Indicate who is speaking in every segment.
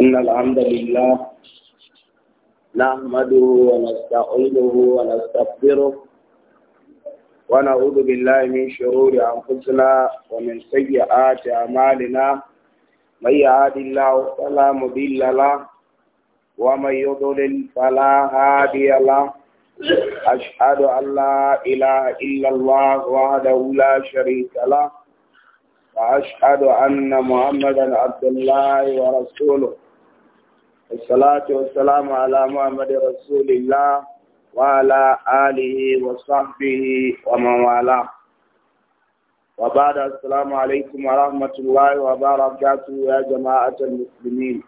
Speaker 1: إن الحمد لله نحمده ونستعينه ونستغفره ونعوذ بالله من شرور أنفسنا ومن سيئات أعمالنا من يهد الله فلا مضل له ومن يضلل فلا هادي له أشهد أن لا إله إلا الله وحده لا شريك له وأشهد أن محمدا عبد الله ورسوله Assalatu wassalamu ala Muhammadu Rasulillah wa ala alihi wa sahbihi wa man wala. Wa ba'da assalamu alaikum wa rahmatullahi wa barakatuh ya jama'atul Musulmi.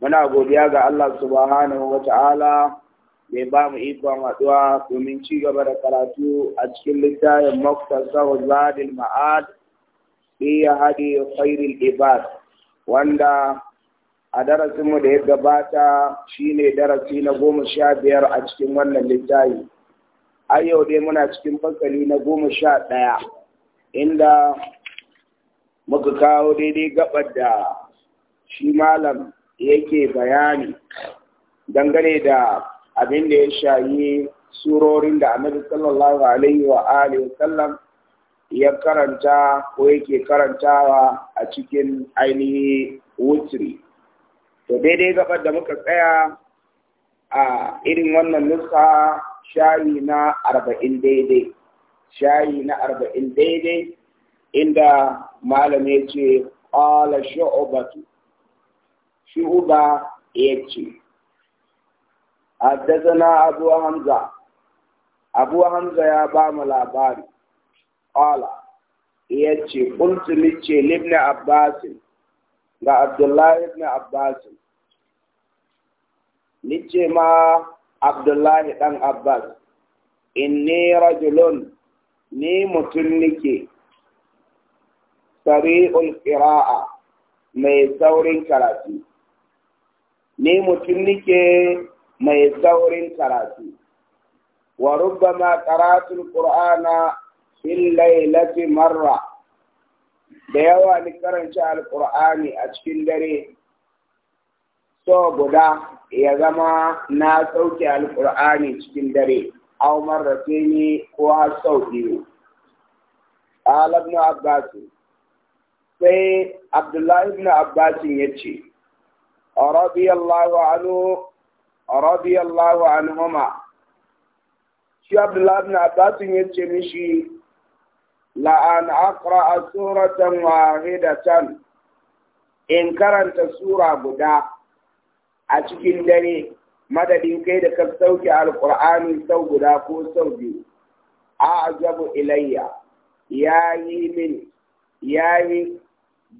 Speaker 1: Muna godiya ga Allah subhanahu wa ta'ala da ba mu ikon haɗuwa domin ci gaba da karatu a cikin littafin Moktar Sahu zadin Ma'ad, ya hadi khairil ibad wanda a darasinmu da ya gabata shine darasi na goma sha biyar a cikin wannan littafi a yau dai muna cikin fasali na goma sha ɗaya inda muka kawo daidai gabar da shi malam yake bayani dangane da abin da ya shayi surorin da annabi sallallahu alaihi wa alihi sallam ya karanta ko yake karantawa a cikin ainihi wutri to daidai gabar da muka tsaya a irin wannan nusa shayi na arba'in daidai shayi na arba'in daidai inda malam ya ce ƙwala shu'ubatu shu'uba ya ce Hamza ya حمزة أبو حمزة يا بام ce. قال يأتي ce, لابن abbasin. ga Abdullahi ibn Abbas nice ma Abdullahi dan Abbas inni rajulun ni mutum nike sari'ul qira'a mai saurin karatu ni mutum nike mai saurin karatu wa rubbama qara'atul qur'ana fil laylati marra da yawa ni karanta Alƙur'ani a cikin dare so guda ya zama na sauke Alƙur'ani cikin dare aw marrataini ko har sau biyu qala ibn abbas sai abdullahi ibn abbas yace radiyallahu anhu radiyallahu anhuma shi abdullahi ibn abbas yace mishi la'an ware suratan can in karanta sura guda a cikin dare madadin kai da ka sauke sau guda ko sau biyu a ajabu ilayya yayi min yayi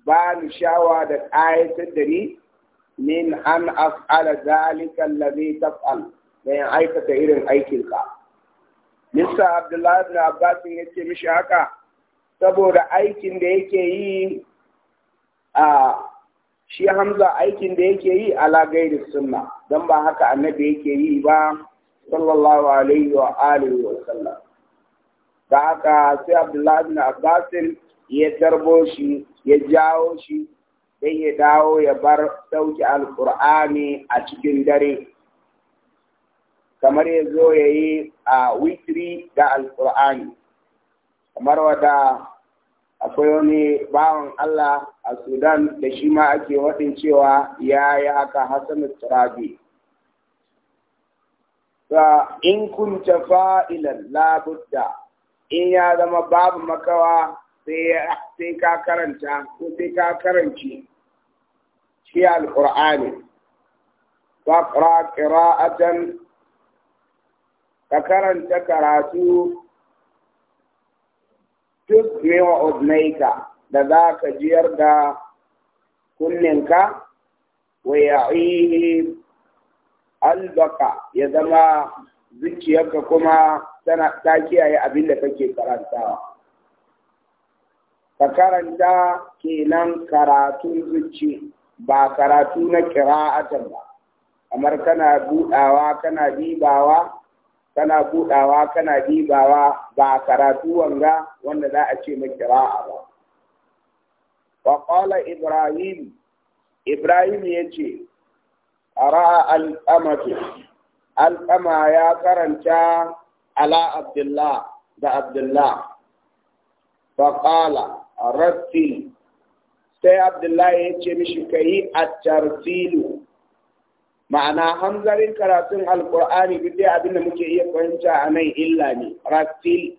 Speaker 1: ba ni shawa da ƙayatar da ni min an af'ala zalika allazi taf'al mai aikata irin aikinka Mista Abdullahi bin Abbas ya ce mishi haka saboda aikin da yake yi a shi hamza aikin da yake yi ala gairi sunna don ba haka annabi yake yi ba sallallahu alaihi wa alihi wa sallam da haka sai abdullahi bin abbasin ya tarbo shi ya jawo shi sai ya dawo ya bar dauki alkur'ani a cikin dare kamar ya zo ya yi a witri da alkur'ani kamar wada akwai wani bawan Allah a Sudan da shi ma ake waɗin cewa ya yi haka Hassan Turabi. in kunta fa'ilan labudda in ya zama babu makawa sai ka karanta ko sai ka karanci shi alƙur'ani. Fa ƙira'atan ka karanta karatu tusme wa odnaika da za ka jiyar da kunninka wa ya'ihi albaka ya zama zuciyarka kuma ta kiyaye abin da kake karantawa ka karanta kenan karatun zuci ba karatu na kira'atan ba kamar kana buɗawa kana dibawa kana buɗawa, kana ɗibawa, ba karatu wanga wanda za a ce makira'a ba wa ibrahim ibrahim ya ce ra'a amatu al ya karanta ala abdullah da abdullah fa qala sai abdullah ce mishi kai a tartilu ma'ana hanzarin karatun alkur'ani duk dai da muke iya fahimta a nan illa ne rattil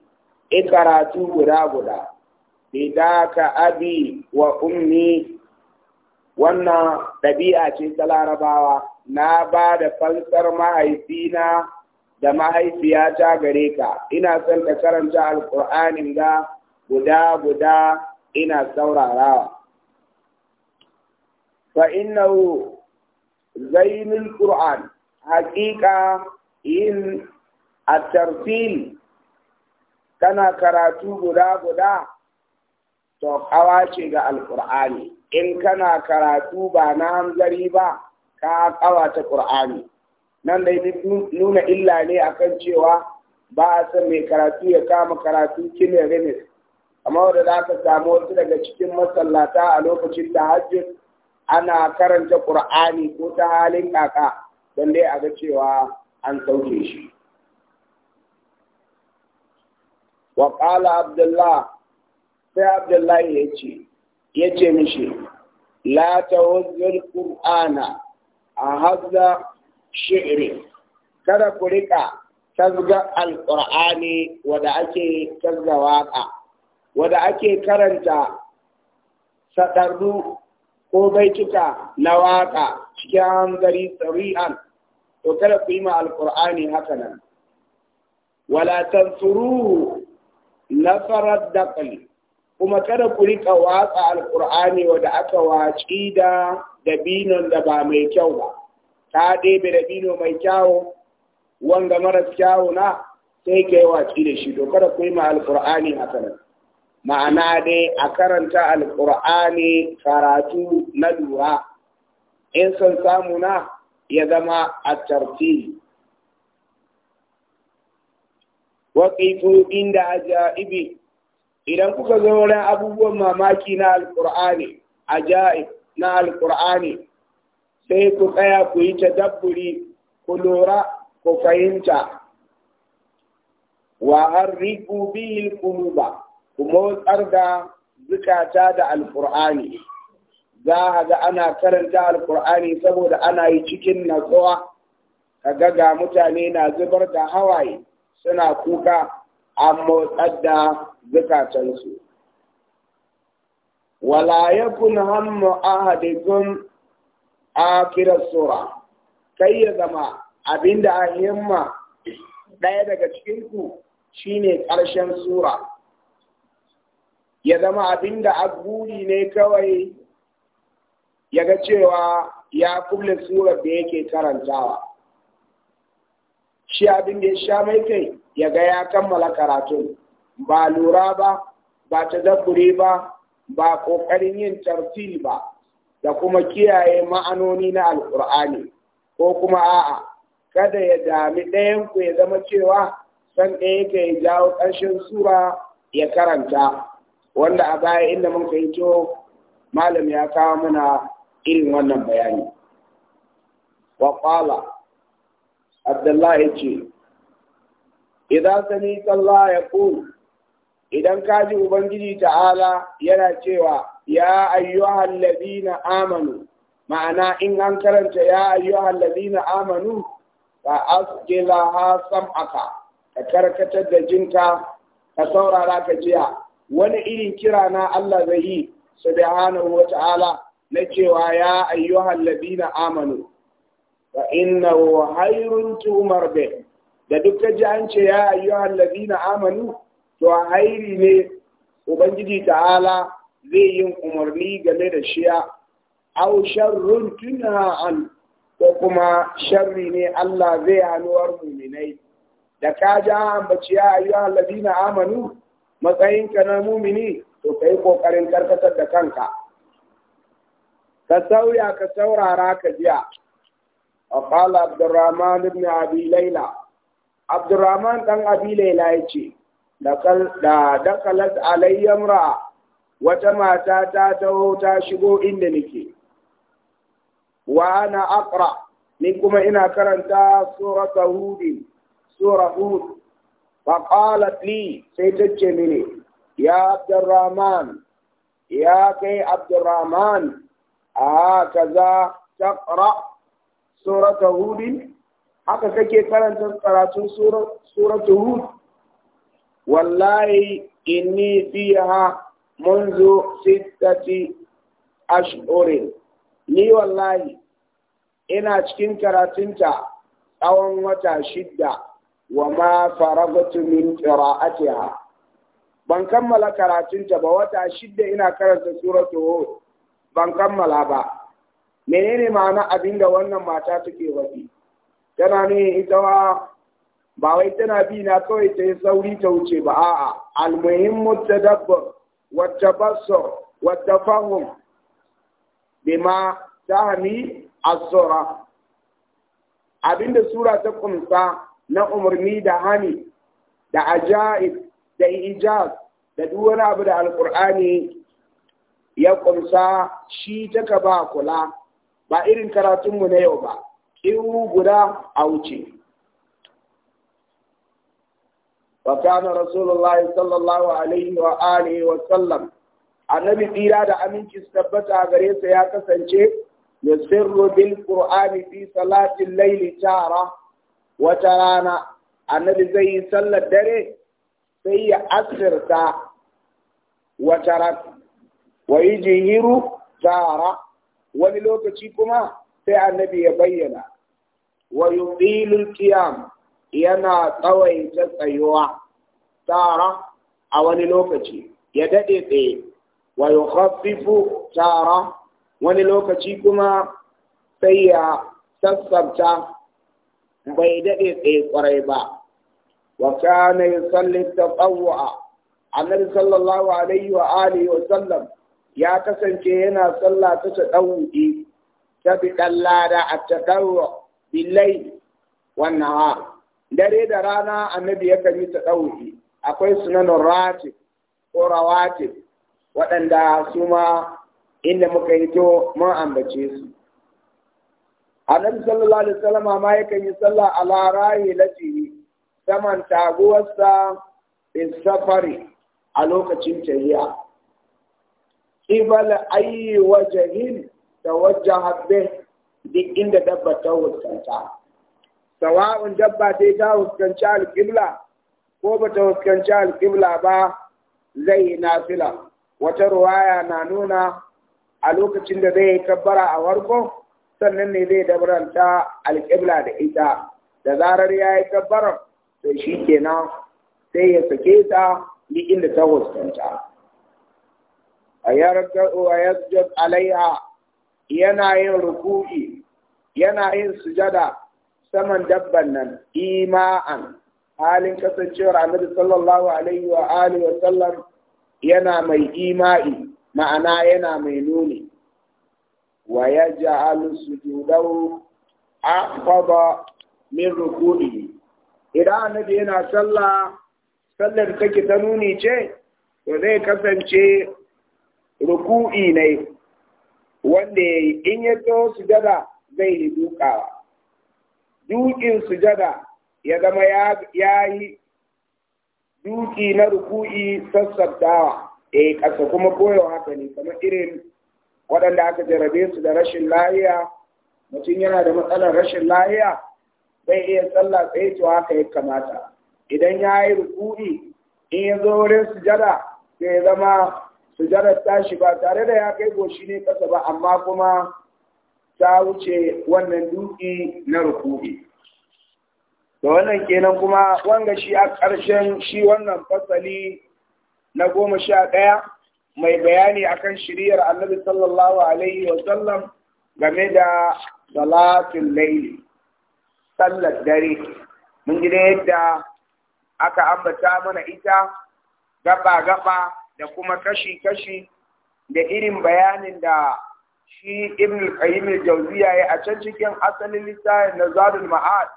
Speaker 1: e karatu guda guda bidaka abi wa ummi wannan ɗabi'a ce ta larabawa na ba da fansar mahaifina da mahaifiyata gare ka ina son ka karanta alkur'anin ga guda guda ina saurarawa fa innahu zainul Qur'an haƙiƙa yin a kana karatu guda guda to kawa ga alƙur'ani in kana karatu ba na hanzari ba ka kawa ta ƙur'ani nan dai nuna illa ne akan cewa ba a san mai karatu ya kama karatu kilirin amma wadda za ka samu wasu daga cikin masallata a lokacin tahajjud ana karanta Qur'ani ko ta halin kaka don dai a ga cewa an sauke shi. Wa ƙala Abdullah, sai Abdullahi ya ce, ya ce mishi, La ta Qur'ana a hazza shi'ri, kada ku riƙa tasga alƙur'ani wadda ake tasga waƙa, wadda ake karanta saɗardu ko bai kika na waƙa cikin hanzari tsari'an to kada ku yi ma alƙur'ani haka nan wala tansuruhu nasarar daƙali kuma kada ku riƙa watsa alƙur'ani wanda aka waci da dabinon da ba mai kyau ba ta ɗebe dabino mai kyau, wanda marar kyau na sai ka yi waci da shi to kada ku yi ma alƙur'ani haka nan ma'ana dai a karanta alƙur'ani karatu na lura in son samu na ya zama a tarti waƙifu inda ajaibi idan kuka zo wurin abubuwan mamaki na alƙur'ani ajaib na alƙur'ani sai ku tsaya ku yi ta dabburi, ku lura ku fahimta wa harriku bihi ba. ku motsar da zukata da alkur'ani za a ga ana karanta alkur'ani saboda ana yi cikin natsuwa kaga ga mutane na zubar da hawaye suna kuka an motsar da zukatansu wala yakun hammu ahadikum akira sura kai ya zama abinda a himma ɗaya daga cikinku shine ƙarshen sura ya zama abin da aburi ne kawai ya ga cewa ya kulle surar da yake karantawa shi abin da ya sha mai kai ya ga ya kammala karatun ba lura ba ba ta tadabbure ba ba ƙoƙarin yin tartil ba da kuma kiyaye ma'anoni na alƙur'ani ko kuma a'a kada ya dami ɗayan ku ya zama cewa san ɗaya ka ya jawo ƙarshen sura ya karanta wanda a baya inda mun fahimto malam ya kawo mana irin wannan bayani wa qala abdullahi ce idan sani Allah ya qul idan kaji ubangiji ta'ala yana cewa ya ayyuhan ladina amanu ma'ana in an karanta ya ayyuhan ladina amanu fa asqila ha sam'aka ka karkatar da jinka ka saurara ka jiya wani irin kira na Allah zai yi subhanahu Ta'ala na cewa ya ayyuhal ladina amanu Ba innahu hayrun tumar bi da duk ji an ce ya ayyuhal ladina amanu to a hairi ne ubangiji ta'ala zai yin umarni game da shiya aw sharrun tunha an ko kuma sharri ne Allah zai hanuwar muminai da ka ji ambaci ya ya ayyuhal ladina amanu matsayinka na mumini to ka yi ƙoƙarin karkatar da kanka ka sauya ka saurara ka jiya a kala abdurrahman ibn abi laila abdurrahman ɗan abi laila ya ce da dakalat alayyam wata mata ta taho ta shigo inda nake wa ana aqra ni kuma ina karanta surata hud hud فقالت لي سيتجي مني يا عبد الرحمن يا كي عبد الرحمن هكذا تقرأ سورة هود haka kake karanta karatun suratu hud wallahi inni fiha منذ ستة أشهر ni wallahi ina cikin karatunta tsawon wata shidda wa ma faragtu min qira'atiha ban kammala karatunta ba wata shidda ina karanta suratu ban kammala ba menene ma'ana abinda wannan mata take wadi tana ne ita wa ba wai tana bi na kawai ta yi sauri ta wuce ba a'a almuhimmu tadabbur wa tabassur wa tafahum bima tahmi as abinda sura ta kumsa na umarni da hani da ajaib da ijaz da duk wani abu da alkur'ani ya ƙunsa shi taka ba kula ba irin karatunmu na yau ba iru guda a wuce kana رسول sallallahu alaihi wa alihi wa sallam annabi tsira da aminci su tabbata a gare sa ya kasance ya sirru bil qur'ani fi salatin laili tara wata rana annabi zai yi sallar dare sai ya asirta wata ran wa yi jihiru tara wani lokaci kuma sai annabi ya bayyana wa ɗilin qiyam yana ta tsayuwa tara a wani lokaci ya daɗe tsaye wa haɗifu tara wani lokaci kuma sai ya sassabta bai daɗe tsaye kwarai ba wa kana yusalli tatawwa annabi sallallahu alaihi wa alihi wa sallam ya kasance yana sallah ta ta tadawwi ta bi lada a tadawwa billai wannan ha dare da rana annabi ya kan ta tadawwi akwai sunanin rati ko rawati waɗanda su ma inda muka to mun ambace su annabi sallallahu alaihi wasallam ma yake yi sallah ala rayi latihi saman taguwarsa in safari a lokacin tahiya qibal ayi wajhin tawajjaha bih duk inda dabba ta wuskanta sawa'un dabba dai ta huskanci alƙibla ko ba ta huskanci alƙibla ba zai yi nafila wata ruwaya na nuna a lokacin da zai kabbara a warko sannan ne zai dabaranta alƙibla da ita da zarar ya yi tabbarar da shi kenan sai ya sake ta ni inda ta huskanta a yasjud alaiha yana yin ruku'i yana yin sujada saman dabban nan ima'an halin kasancewar annabi sallallahu alaihi wa alihi wa sallam yana mai ima'i ma'ana yana mai nuni ويجعل سجوده أخفض min rukuni idan annabi yana sallah sallar take ta nuni ce to zai kasance ruku'i ne wanda yayi in ya to sujada zai yi dukawa dukin sujada ya zama ya yi duki na ruku'i sassabtawa E, kasa kuma koyo haka ne kamar irin waɗanda aka jarabe su da rashin lahiya mutum yana da matsalar rashin lahiya zai iya sallah tsaye to haka ya kamata idan ya yi ruku'i in ya zo wurin sujada sai zama sujadar tashi ba tare da ya kai goshi ne kasa ba amma kuma ta wuce wannan duki na ruku'i da wannan kenan kuma wanga shi a ƙarshen shi wannan fasali na goma sha ɗaya mai bayani akan shiriyar annabi sallallahu alaihi wa sallam game da salatul laili sallar dare mun gina yadda aka ambata mana ita gaba gaba da kuma kashi kashi da irin bayanin da shi ibn al-qayyim al-jawziya ya a can cikin asalin littafin nazarul ma'ad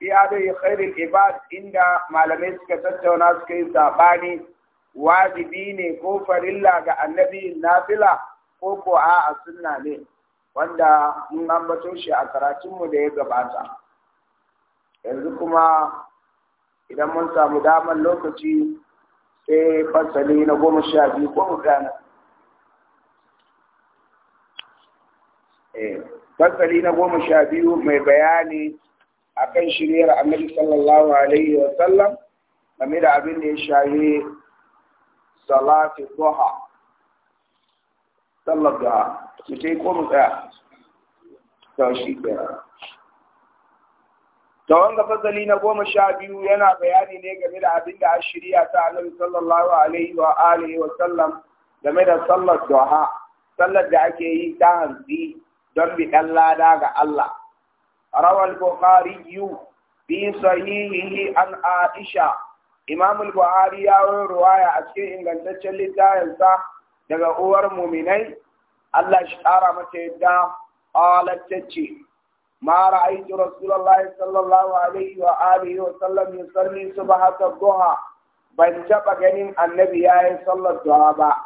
Speaker 1: fi adai khairul ibad inda malamai suka tattauna suka yi sabani wajibi ne ko farilla ga annabi nafila ko ko a sunna ne wanda mun ambato shi a karatunmu da ya gabata yanzu kuma idan mun samu daman lokaci sai fasali na goma sha biyu ko mu gana eh, fasali na goma sha biyu mai bayani akan shiryar annabi sallallahu alaihi wa sallam game da abin da ya shaye salati duha sallar duha ko mu tsaya to shi kenan ta wanda fasali na goma sha biyu yana bayani ne game da abin da shirya ta annabi sallallahu alaihi wa alihi wa sallam game da sallar duha sallar da ake yi ta hanzi don bi dan lada ga Allah rawal bukhari yu bi sahihihi an aisha Imam al-Buhari ya yi ruwaya a cikin ingantaccen littafinsa daga uwar muminai Allah shi ƙara mata yadda ƙalattacce. ما رأيت رسول الله صلى الله عليه وآله وسلم يصلي صباح الضحى ban taɓa ganin annabi ya yi sallar duha ba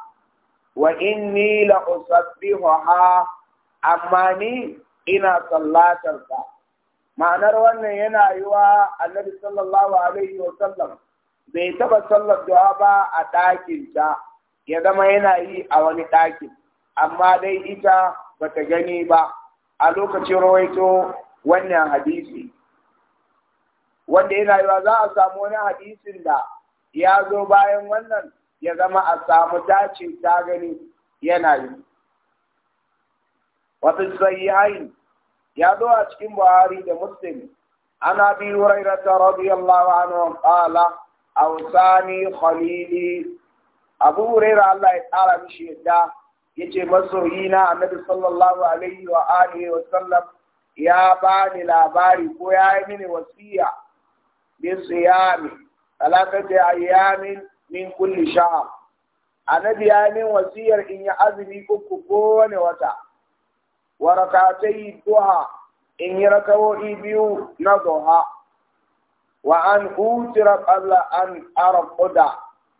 Speaker 1: wa inni la usabbihuha amma ni ina sallatar ta ma'anar wannan yana yiwa annabi sallallahu alaihi wa sallam bai taɓa sallar ba a ɗakin ta ya zama yana yi a wani ɗakin amma dai ita ba ta gani ba a lokacin rawaito wannan hadisi wanda yana yiwa za a samu wani hadisin da ya zo bayan wannan ya zama a samu dace ta gani yana yi wata sahihain ya zo a cikin buhari da muslim ana biyu rairata radiyallahu anhu qala awsani khalili abu hurairah Allah ya tsara mishi yadda yace masoyina na annabi sallallahu alaihi wa alihi wa sallam ya bani labari ko ya yi mini wasiya bi siyami talatati ayyamin min kulli shahr annabi ya yi min wasiyar in ya azumi uku kowane wata wa rakatai duha in yi rakawo'i biyu na duha wa an utira qabla an arquda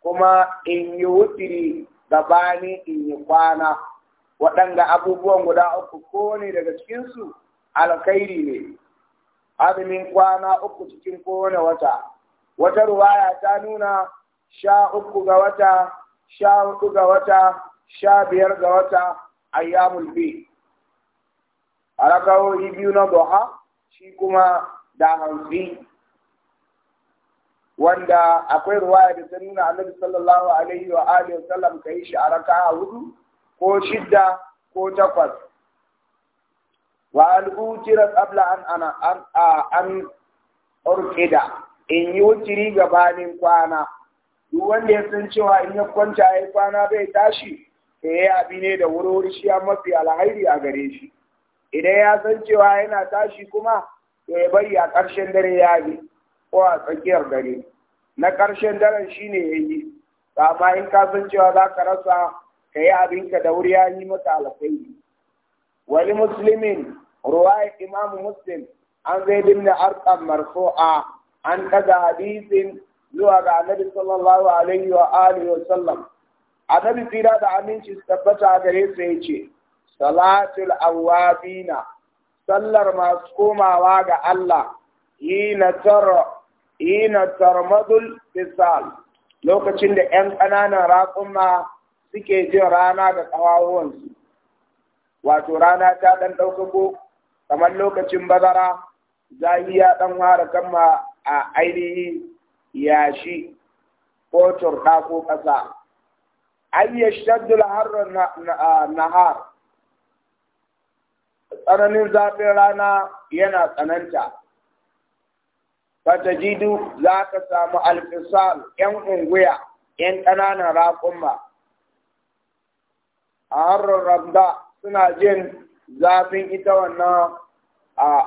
Speaker 1: kuma in yi wutiri gabani in yi kwana waɗanda abubuwan guda uku ko ne daga cikinsu alkhairi ne azumin kwana uku cikin kowane wata wata ruwaya ta nuna sha uku ga wata sha hudu ga wata sha biyar ga wata ayyamul bi a rakawoyi biyu na doha shi kuma da hamsin. wanda akwai ruwaya da ta nuna annabi sallallahu alaihi wa alihi wa sallam kai shi a raka'a hudu ko shidda ko takwas wa al-utira qabla an ana an urqida in yi wutiri gabanin kwana duk wanda ya san cewa in ya kwanta ya kwana bai tashi ya abi ne da wuri shi ya mafi alhairi a gare shi idan ya san cewa yana tashi kuma to ya bari a ƙarshen dare ya bi ko a tsakiyar dare na ƙarshen daren shi ne ya yi, ba amma in ka san cewa za ka rasa ka yi abinka da wuri ya yi mata alkhairi wani Musulmin, ruwaya imamu muslim an zai dimna arqam marfu'a an ɗaga hadisin zuwa ga annabi sallallahu alaihi wa alihi wa sallam annabi tsira da aminci su tabbata gare su ya ce salatul awabina sallar masu komawa ga Allah yi na tara ina tarmadul fisal lokacin da 'yan ƙananan raƙuma suke jin rana da ƙawawansu wato rana ta ɗan ɗaukako kamar lokacin bazara zahi ya ɗan ware kama a ainihi yashi ko turɗa ko ƙasa an yi shaddul harar nahar tsananin zafin rana yana tsananta fatajidu za ka samu alfisal yan unguya yan ƙananan raƙumma a harin ramda suna jin zafin ita wannan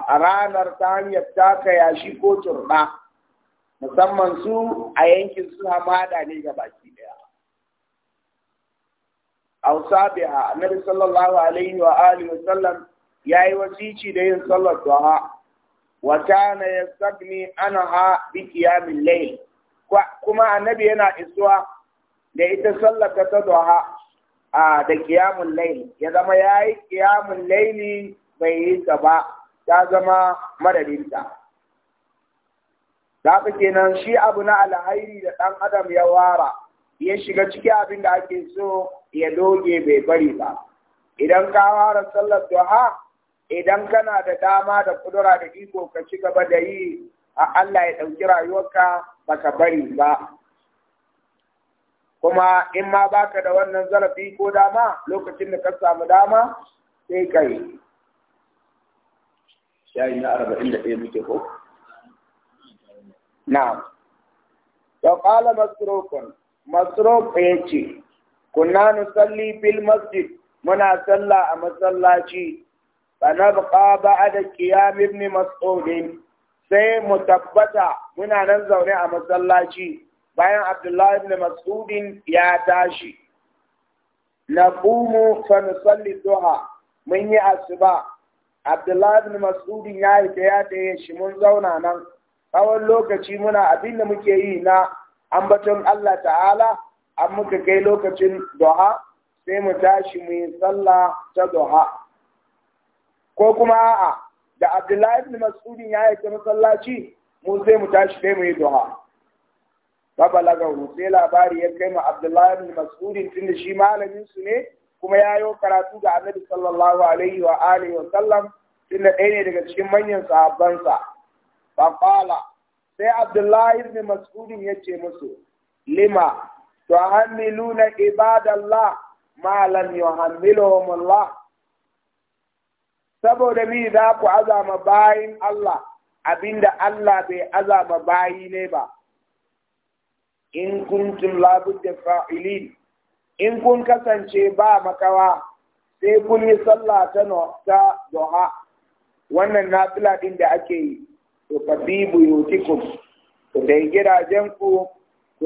Speaker 1: a ranar ta hanyar taka yashi ko turba musamman su a yankin su hamada ne ga baki daya ausabiha annabi sallallahu alaihi wa alihi wa sallam yayi wasici da yin sallar duha wa ya yastagni ana bi qiyamil layl kuma annabi yana isuwa da ita sallaka ta duha a da kiyamun lai! ya zama yayi ƙiyamin laili bai yi ta ba ta zama madadinta Zaka kenan shi abu na alhairi da ɗan adam ya wara ya shiga ciki abin da ake so ya doge bai bari ba. Idan ka wara sallar duha idan kana da dama da kudura da iko ka ci gaba da yi a Allah ya ɗauki rayuwarka baka bari ba kuma in ma baka da wannan zarafi ko dama lokacin da ka samu dama sai ka yi shayi na arba'in da ɗaya muke ko na wa qala masrukun masruk ya ce kunna nusalli fil masjid muna sallah a masallaci فنبقى بعد قيام ابن مسعود sai mu tabbata muna nan zaune a masallaci bayan Abdullahi ibn Mas'udin ya tashi na qumu fa nusalli duha mun yi asuba Abdullahi ibn Mas'udin ya yi ta ya taye shi mun zauna nan tsawon lokaci muna abin da muke yi na an ambaton Allah ta'ala an muka kai lokacin duha sai mu tashi mu yi sallah ta duha ko kuma a'a da Abdullahi ibn Mas'ud ya yi masallaci mu sai mu tashi sai mu yi duha fa balagahu sai labari ya kai ma Abdullahi ibn Mas'ud tun da shi malamin su ne kuma ya yi karatu ga Annabi sallallahu alaihi wa alihi wa sallam tun da ɗaya ne daga cikin manyan sa fa qala sai Abdullahi ibn Mas'ud ya ce musu lima tuhammiluna ibadallah ma lam yuhammiluhum saboda mi za ku azama bayin Allah abinda Allah bai azama bayi ne ba in kuntum labudda fa'ilin in kun kasance ba makawa sai kun yi sallah ta ta duha wannan nafila ɗin da ake yi to fa bi buyutikum ku dai ku ku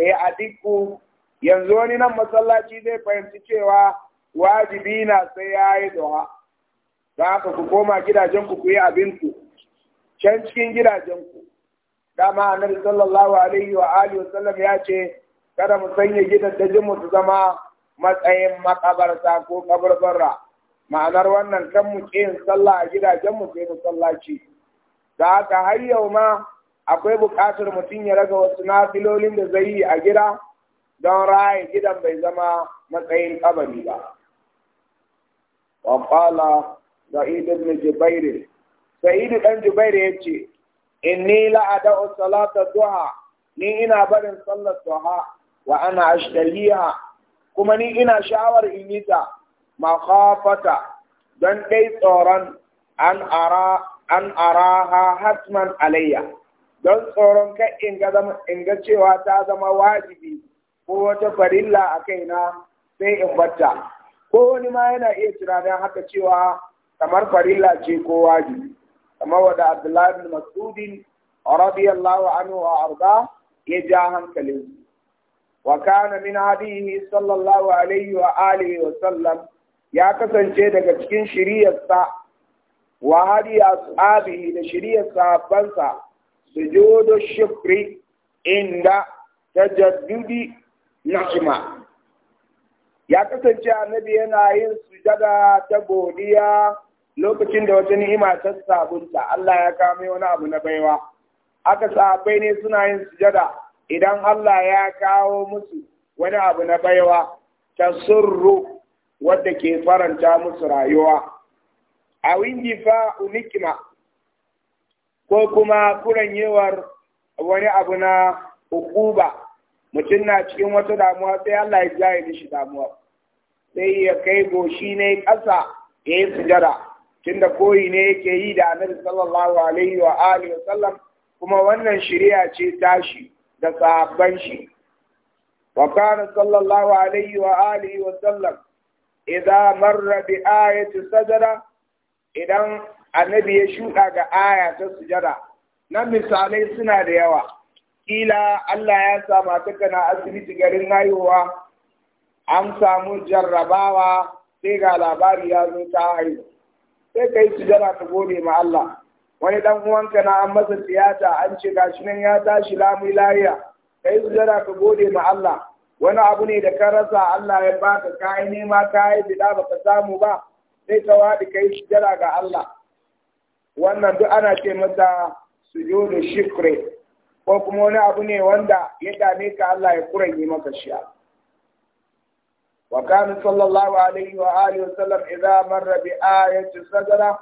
Speaker 1: yi adikku yanzu wani nan masallaci zai fahimci cewa wajibi na sai ya yi duha za ka ku koma gidajenku ku yi abinku can cikin gidajenku dama annabi sallallahu alaihi wa alihi wasallam ya ce kada mu sanya gidan da ji su zama matsayin makabarta ko kabarbarra ma'anar wannan kan mu yin sallah a gidajen mu sai masallaci da haka har yau ma akwai buƙatar mutum ya raga wasu nafilolin da zai yi a gida don raye gidan bai zama matsayin kabari ba. وقال Sa'id ibn Jubair Sa'id dan Jubair yace inni la ada'u salata ni ina barin sallar zuha. wa ana ashtahiha kuma ni ina sha'awar in yi ta makhafata don dai tsoron an ara araha hatman alayya don tsoron kai in ga cewa ta zama wajibi ko wata farilla a kaina sai in batta ko wani ma yana iya tunanin haka cewa kamar farilla ce ko waji kamar wada Abdullahi bin masudi radiyallahu anhu wa arda ya ja hankali wa kana min hadihi sallallahu alaihi wa alihi wa sallam ya kasance daga cikin shiriyarsa wa hadi ashabihi da shiriyar sahabbansa sujudu shukri inda tajaddudi ni'ma ya kasance annabi yana yin sujada ta godiya lokacin da wata ni'ima ta sabunta Allah ya kame wani abu na baiwa aka sahabbai ne suna yin sujada idan Allah ya kawo musu wani abu na baiwa ta surru wadda ke faranta musu rayuwa a wingi fa unikima ko kuma kuranyewar wani abu na hukuba mutum na cikin wata damuwa sai Allah ya jaye shi damuwa sai ya kai goshi ne ƙasa ya yi sujada tunda koyi ne yake yi da annabi sallallahu alaihi wa alihi wa sallam kuma wannan shari'a ce tashi da sahabban shi wa kana sallallahu alaihi wa alihi wa sallam idza marra bi ayati sajada idan annabi ya shuka ga aya ta sujada nan misalai suna da yawa kila Allah ya sa mata na asibiti garin haihuwa an samu jarrabawa sai ga labari ya zo ta haihu sai ka yi jara ka gode ma Allah wani dan uwanka na an masa tiyata an ce shi nan ya tashi lamun lariya. ka yi jara ka gode ma Allah wani abu ne da ka rasa Allah ya baka ka yi nema ka yi bida ka samu ba sai ka waɗi ka yi jara ga Allah wannan duk ana ce masa sujudu shukri ko kuma wani abu ne wanda ya dame ka Allah ya kuranyi maka shi وكان صلى الله عليه وآله وسلم إذا مر بآية السجدة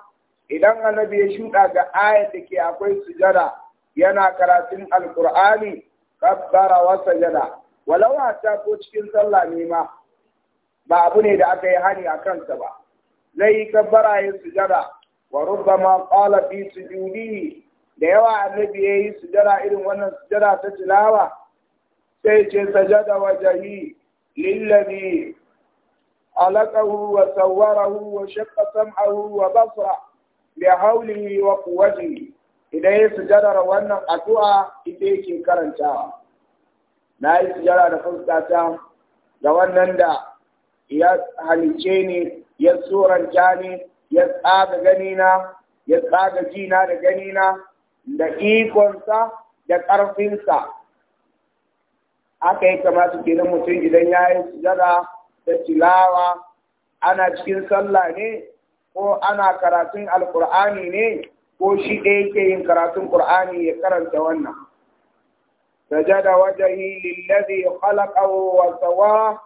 Speaker 1: idan annabi ya shuɗa ga ayat da ke akwai sujada yana karatun alkur'ani kabbara wa sajada walau hatta ko cikin sallah ne ba abu ne da aka yi hani a kansa ba zai yi kabbara ya sujada wa rubbama qala fi sujudihi da yawa annabi ya yi sujada irin wannan sujada ta tilawa sai ce sajada wajahi للذي خلقه وصوره وشق سمعه وبصره بحوله وقوته idan ya sujada da wannan addu'a ita yake karantawa na yi sujada da fuskata da wannan da ya halice ni ya tsoranta ni ya tsaga ganina ya tsaga jina da ganina da ikonsa da ƙarfinsa aka yi su kenan mutum idan ya yi sujada da tilawa ana cikin sallah ne ko ana karatun alkur'ani ne ko shi ɗaya yake yin karatun ƙur'ani ya karanta wannan wa وجهه للذي wa basara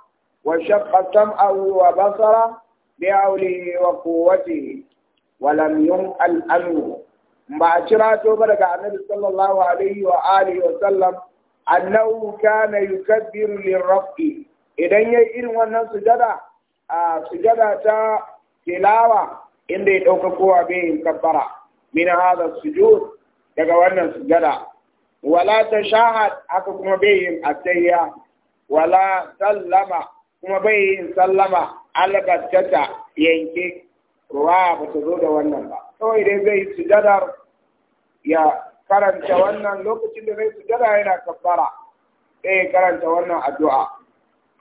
Speaker 1: وشق سمعه وبصره بعوله wa ولم ينقل عنه ba a cira to ba daga annabi sallallahu alaihi wa alihi wa sallam annahu kana yukabbiru lirabbi idan yayi irin wannan sujada a sujada ta tilawa inda ya dauka kowa bai yin kabbara min hada sujud daga wannan sujada wala tashahad haka kuma bai yin atayya wala sallama kuma bai yin sallama albattata yanke ruwa ba ta zo da wannan ba kawai dai zai sujadar ya karanta wannan lokacin da zai sujada yana kabbara sai karanta wannan addu'a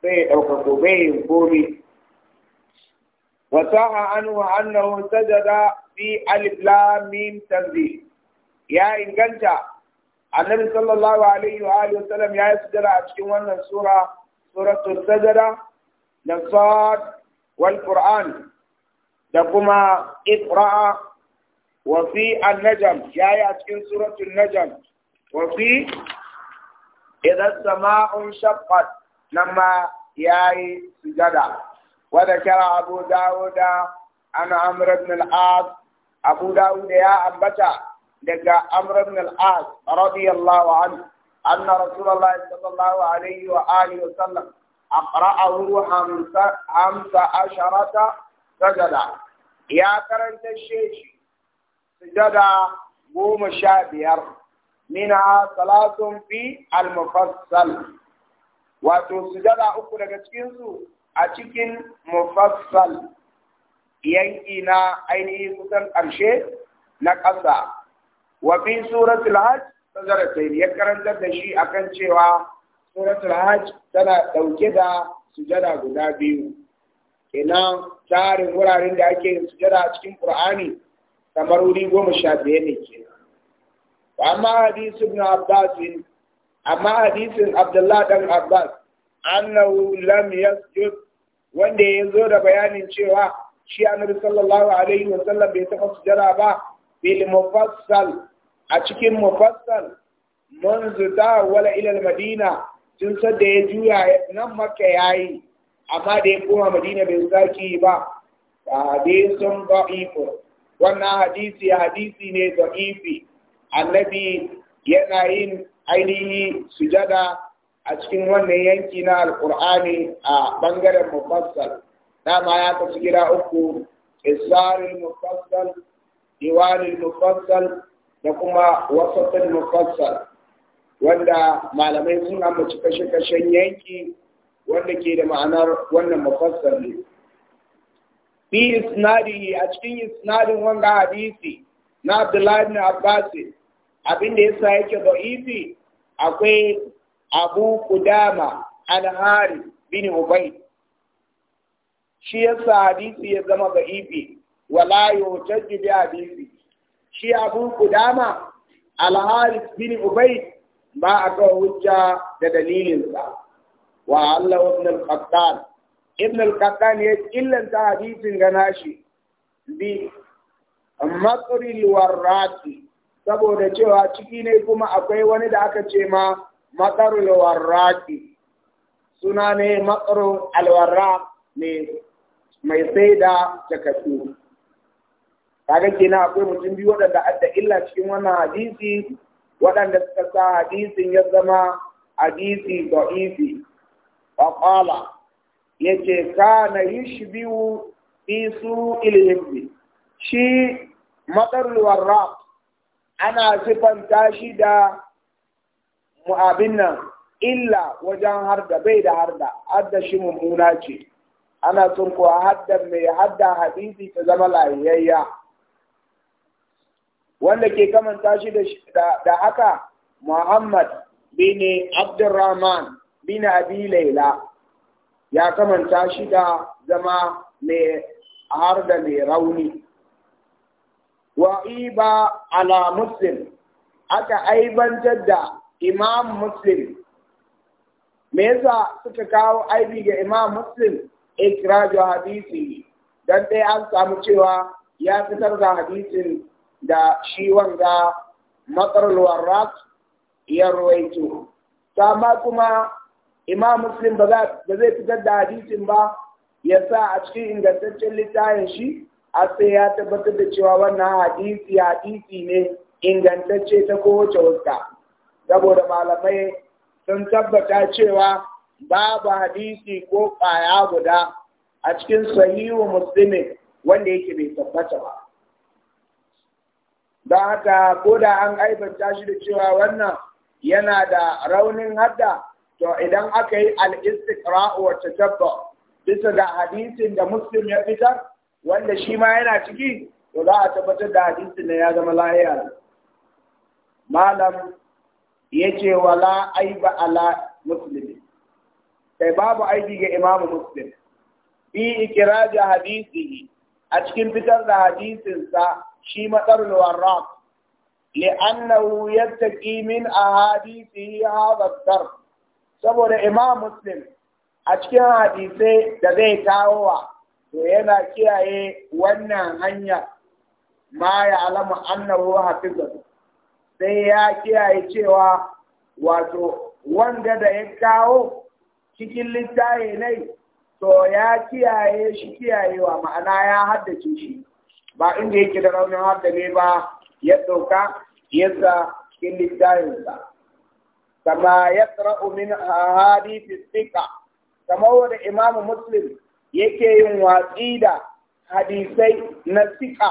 Speaker 2: sai dauka gobe gobe
Speaker 1: yin komi wasaha anhu annahu sajada bi alif lam mim tanzi ya inganta annabi sallallahu alaihi wa alihi wasallam ya yi sujada a cikin wannan sura suratul sajada da sad wal qur'an da kuma iqra وفي النجم يا cikin سورة النجم وفي إذا السماء انشقت لما ياي سجدا وذكر أبو داود عن عمرو بن العاص أبو داود يا أنبتا لقى عمرو بن العاص رضي الله عنه أن رسول الله صلى الله عليه وآله وسلم أقرأه خمس عشرة سجدا يا كرنت الشيشي sujada goma sha biyar mina salatun fi al-mufassal wato sujada uku daga cikinsu a cikin mufassal yanki na ainihi kusan ƙarshe na ƙasa wa fi suratul hajj tazaratain ya karantar da shi akan cewa suratul hajj tana ɗauke da sujada guda biyu kenan tarin wuraren da ake sujada a cikin qur'ani kamar wuri goma sha biyar ne ke amma hadisu ibn abbas amma hadisin abdullahi dan abbas annahu lam yasjud wanda ya zo da bayanin cewa shi annabi sallallahu alaihi wa sallam bai taɓa sujada ba bil mufassal a cikin mufassal zuta wala ila madina tun sadda ya juya nan maka ya yi amma da ya koma madina bai saki ba ba dai sun ba wannan hadisi hadisi ne da'ifi annabi yana yin ainihi sujada a cikin wannan yanki na alkur'ani a bangaren mufassal dama ya kasu gida uku isarin mufassal diwanin mufassal da kuma wasatin mufassal wanda malamai sun amince kashe-kashen yanki wanda ke da ma'anar wannan mufassal ne fi isnadihi a cikin isnadin wanga hadisi na Abdullahi ibn Abbas abin da yasa yake da'ifi akwai Abu Kudama Al-Hari bin Ubayd shi yasa hadisi ya zama da'ifi wala yuhtajju bi hadisi shi Abu Kudama Al-Hari bin Ubayd ba a kawo hujja da dalilinsa wa Allah ibn al-Qattan ibn al ya illanta hadisin gana shi bi matsuri warrati saboda cewa ciki ne kuma akwai wani da aka ce ma matsarul warrati suna ne matsarul alwarra ne mai saida da takaddu kaga kenan akwai mutum biyu waɗanda adda illa cikin wannan hadisi waɗanda suka sa hadisin ya zama hadisi da'ifi wa qala yace kana biyu fi su'il hibbi shi madarul warraq ana sifanta shi da mu'abin illa wajen harda bai da harda hadda shi mummuna ce ana son kuwa hadda mai hadda hadisi ta zama layayya wanda ke kamanta shi da haka muhammad bin abdurrahman bin abi laila ya kamanta shi da zama mai har da mai rauni wa'iba ala muslim aka aibantar da imam muslim me yasa suka kawo aibi ga imam muslim ikirajin hadisi don dai an samu cewa ya fitar da hadisin da shi wanga matsalwar ras ya ruwaito sama kuma imam muslim ba zai fitar da hadisin ba ya sa a cikin ingantaccen littafin shi a sai ya tabbatar da cewa wannan hadisi hadisi ne ingantacce ta kowace wuska saboda malamai sun tabbata cewa babu hadisi ko ƙwaya guda a cikin sahihu muslimin wanda yake bai tabbata ba don haka ko da an aibanta shi da cewa wannan yana da raunin hadda to idan aka yi al wa tatabbu bisa ga hadisin da muslim ya fitar wanda shi ma yana ciki to za a tabbatar da hadisin da ya zama lahiya malam ya yace wala aiba ala Musulmi. kai babu aiki ga imamu muslim bi ikraja hadisi a cikin fitar da hadisinsa shi matsarul warraq li'annahu yattaqi min ahadithihi hadha ad-darb saboda imam muslim a cikin hadisai da zai kawo wa, to yana kiyaye wannan hanya ma ya alama annahu hafizatu sai ya kiyaye cewa wato wanda da ya kawo cikin littaye ne to ya kiyaye shi kiyayewa ma'ana ya haddace shi ba inda yake da raunin haddane ba ya ɗauka yadda cikin littayinsa kama yaqra'u min ahadith thiqa kama wadda imam muslim yake yin watsi da hadisai na thiqa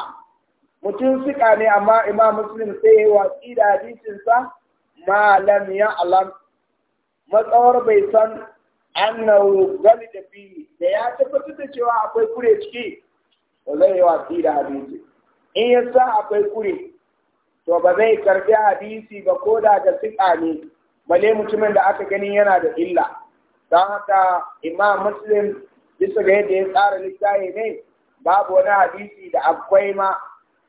Speaker 1: mutum thiqa ne amma imam muslim sai ya watsi da hadisin sa ma lam ya'lam matsawar bai san annahu galida fi da ya tabbatar da cewa akwai kure ciki ba zai yi watsi da hadisi in ya sa akwai kure to ba zai karbi hadisi ba ko da ga siƙa ne bale mutumin da aka gani yana da illa don haka imam muslim bisa ga yadda ya tsara littafi ne babu wani hadisi da akwai ma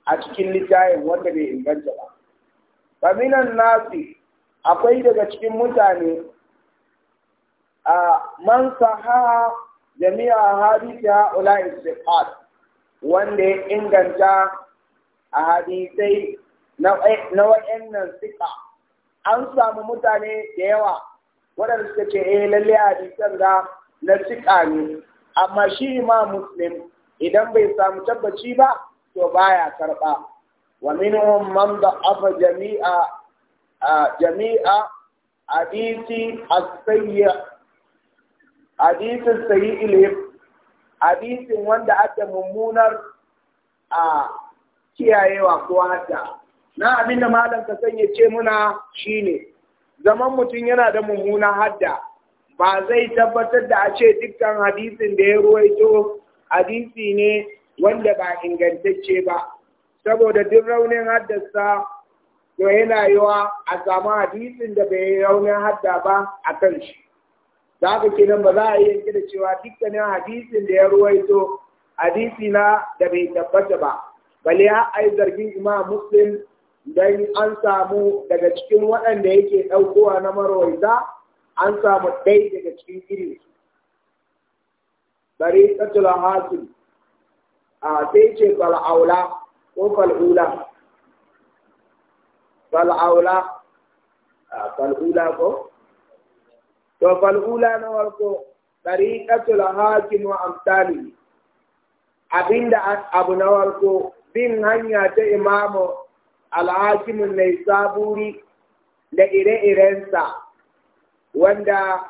Speaker 1: a cikin littafin wanda bai inganta ba faminan nasi akwai daga cikin mutane a man saha jami'a hadisa ula istiqad wanda ya inganta a hadisai na wayannan Sika. an samu mutane da yawa waɗanda suka ce eh lalle hadisan ga na siƙa ne amma shi ma muslim idan bai samu tabbaci ba to baya karɓa wa minhum man afa jami'a jami'a hadisi as-sayyi hadisi sayyi hadisin wanda aka mummunar a kiyayewa ko na abin da malam ka sanya ce muna shine zaman mutum yana da mummuna hadda ba zai tabbatar da a ce dukkan hadisin da ya ruwaito hadisi ne wanda ba ingantacce ba saboda duk raunin haddasa to yana yiwa a samu hadisin da bai raunin hadda ba a kan shi da haka kenan ba za a yi yanke da cewa dukkanin hadisin da ya ruwaito hadisi na da bai tabbata ba bale ya ai zargin imam muslim don an samu daga cikin waɗanda yake ɗaukowa na marwaita an samu ɗai daga cikin irin bari tattula hasil a sai ce fal'aula ko fal'ula fal'aula a fal'ula ko to fal'ula na warko bari tattula hasil wa amtali abinda abu na warko bin hanya ta imamu alhakimin mai saburi da ire-irensa wanda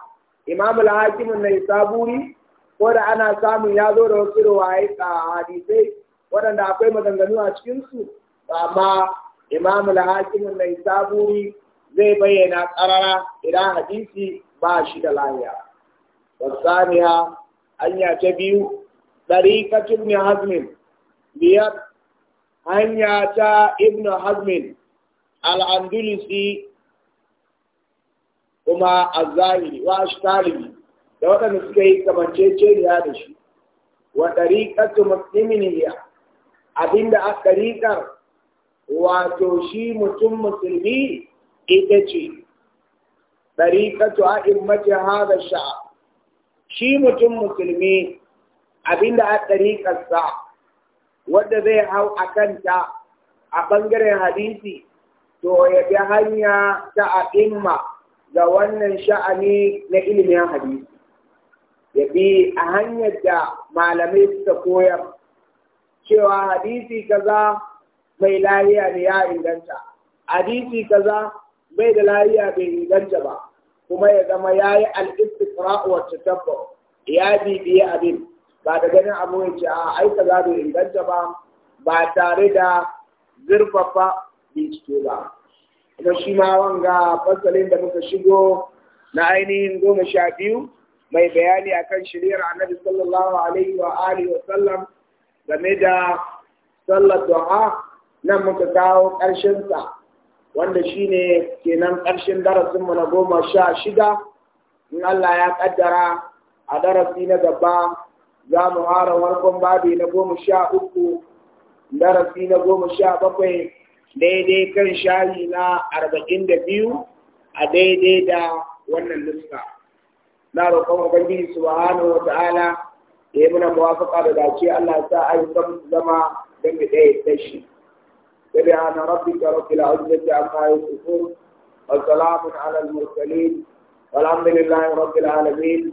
Speaker 1: imam alhakimin mai saburi ko da ana samun ya zo da wasu ruwaye a hadisai waɗanda akwai maganganu a cikinsu amma imam alhakimin mai saburi zai bayyana ƙarara idan hadisi ba shi da lahiya wasaniya hanya ta biyu ɗariƙa ibn hazmin biyar hanya ta ibn hazmin al’andulusi kuma Al-Zahiri, wa ashtalibi da waɗanda suka yi kamanceceniya da shi wa ɗariƙatu musliminiya abinda a ɗariƙar wato shi mutum musulmi ita ce ɗariƙatu a immace hada sha'a shi mutum musulmi abinda a ɗariƙarsa Wanda zai hau a kanta a ɓangaren hadisi to ya bi hanya ta a'imma ga wannan sha'ani na ilimin hadisi ya bi a hanyar da malamai suka koyar cewa hadisi kaza mai lahiya ne ya inganta hadisi kaza bai da lahiya bai inganta ba kuma ya zama ya yi al'istikra'uwar ta tatabba ya bibiye abin ba da ganin abu ya ce a aika za da inganta ba ba tare da zurfafa bincike ba kuma shi ma wanga fasalin da muka shigo na ainihin goma sha biyu mai bayani akan shirya annabi sallallahu alaihi wa alihi wa sallam game da sallar duha nan muka kawo ƙarshen sa wanda shine kenan ƙarshen darasin mu na goma sha shida in Allah ya ƙaddara a darasi na gaba za mu fara warkon babi na goma sha uku darasi na goma sha bakwai daidai kan shayi na arba'in da biyu a daidai da wannan nuska na roƙon ubangiji subhanahu wa ta'ala da ya muna muwafaqa da dace Allah ya sa ayyukan zama dan da ɗaya da shi سبحان ربك رب العزة عما يصفون وسلام على المرسلين والحمد لله رب العالمين